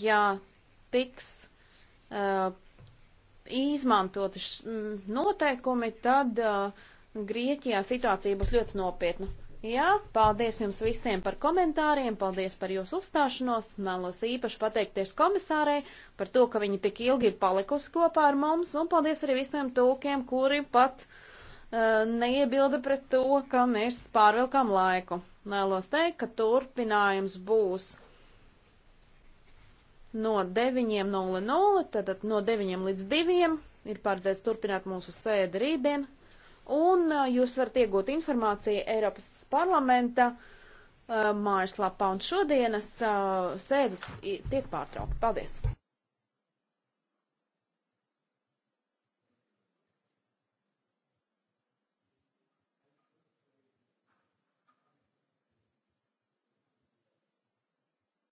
ja tiks uh, izmantoti noteikumi, tad uh, Grieķijā situācija būs ļoti nopietna. Jā, paldies jums visiem par komentāriem, paldies par jūsu uzstāšanos. Mēlos īpaši pateikties komisārei par to, ka viņa tik ilgi ir palikusi kopā ar mums, un paldies arī visiem tulkiem, kuri pat uh, neiebilda pret to, ka mēs pārvilkam laiku. Mēlos teikt, ka turpinājums būs no 9.00, tad no 9 līdz 2 ir paredzēts turpināt mūsu sēdi rītdien. Un jūs varat iegūt informāciju Eiropas parlamenta mājaslapā. Un šodienas sēde tiek pārtraukta. Paldies!